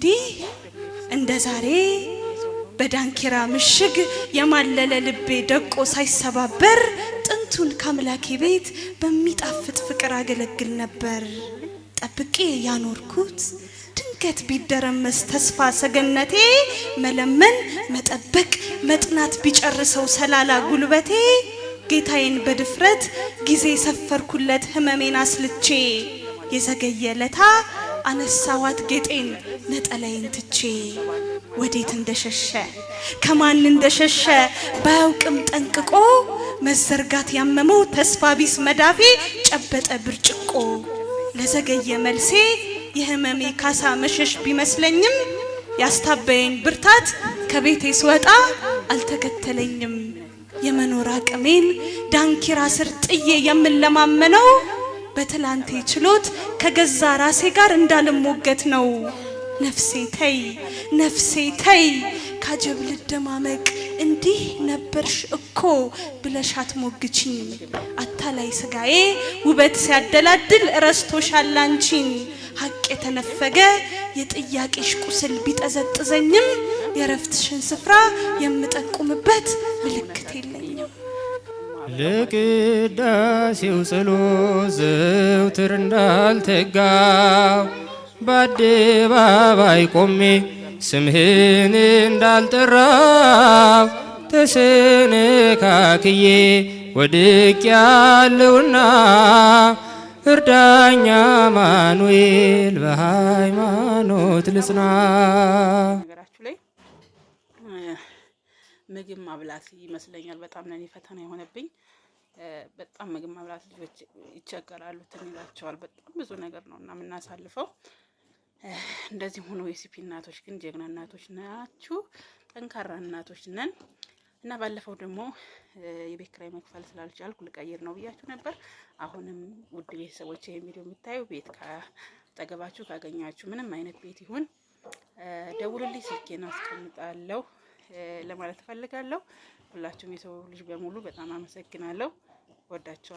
እንዲህ እንደ ዛሬ በዳንኪራ ምሽግ የማለለ ልቤ ደቆ ሳይሰባበር ጥንቱን ከአምላኬ ቤት በሚጣፍጥ ፍቅር አገለግል ነበር። ጠብቄ ያኖርኩት ድንገት ቢደረመስ ተስፋ ሰገነቴ መለመን መጠበቅ መጥናት ቢጨርሰው ሰላላ ጉልበቴ ጌታዬን በድፍረት ጊዜ ሰፈርኩለት ህመሜን አስልቼ የዘገየ ለታ አነሳዋት ጌጤን ነጠላይን ትቼ ወዴት እንደሸሸ ከማን እንደሸሸ ባያውቅም ጠንቅቆ መዘርጋት ያመመው ተስፋ ቢስ መዳፌ ጨበጠ ብርጭቆ ለዘገየ መልሴ የህመሜ ካሳ መሸሽ ቢመስለኝም ያስታበየኝ ብርታት ከቤቴ ስወጣ አልተከተለኝም የመኖር አቅሜን ዳንኪራ ስር ጥዬ የምለማመነው በትላንቴ ችሎት ከገዛ ራሴ ጋር እንዳልሞገት ነው። ነፍሴ ተይ ነፍሴ ተይ ካጀብ ልደማመቅ እንዲህ ነበርሽ እኮ ብለሻት አትሞግቺኝ። አታላይ ስጋዬ ውበት ሲያደላድል ረስቶሻል አንቺን። ሀቅ የተነፈገ የጥያቄሽ ቁስል ቢጠዘጥዘኝም የረፍትሽን ስፍራ የምጠቁምበት ምልክት ለቅዳሴው ጸሎት ዘውትር እንዳልተጋው በአደባባይ ቆሜ ስምህን እንዳልጠራው ተሰነካክዬ ወድቅ ያለውና እርዳኛ ማኑኤል በሃይማኖት ልጽና ምግብ ማብላት ይመስለኛል በጣም ለእኔ ፈተና የሆነብኝ። በጣም ምግብ ማብላት ልጆች ይቸገራሉ፣ እንትን ይላቸዋል። በጣም ብዙ ነገር ነው እና የምናሳልፈው። እንደዚህ ሆኖ የሲፒ እናቶች ግን ጀግና እናቶች ናችሁ፣ ጠንካራ እናቶች ነን እና ባለፈው ደግሞ የቤት ኪራይ መክፈል ስላልቻልኩ ልቀይር ነው ብያችሁ ነበር። አሁንም ውድ ቤተሰቦች ይሄ ቪዲዮ የምታዩ ቤት ካጠገባችሁ ካገኛችሁ ምንም አይነት ቤት ይሁን ደውልልኝ፣ ስልኬን አስቀምጣለሁ። ለማለት እፈልጋለሁ። ሁላችሁም የሰው ልጅ በሙሉ በጣም አመሰግናለሁ። ወዳችኋል።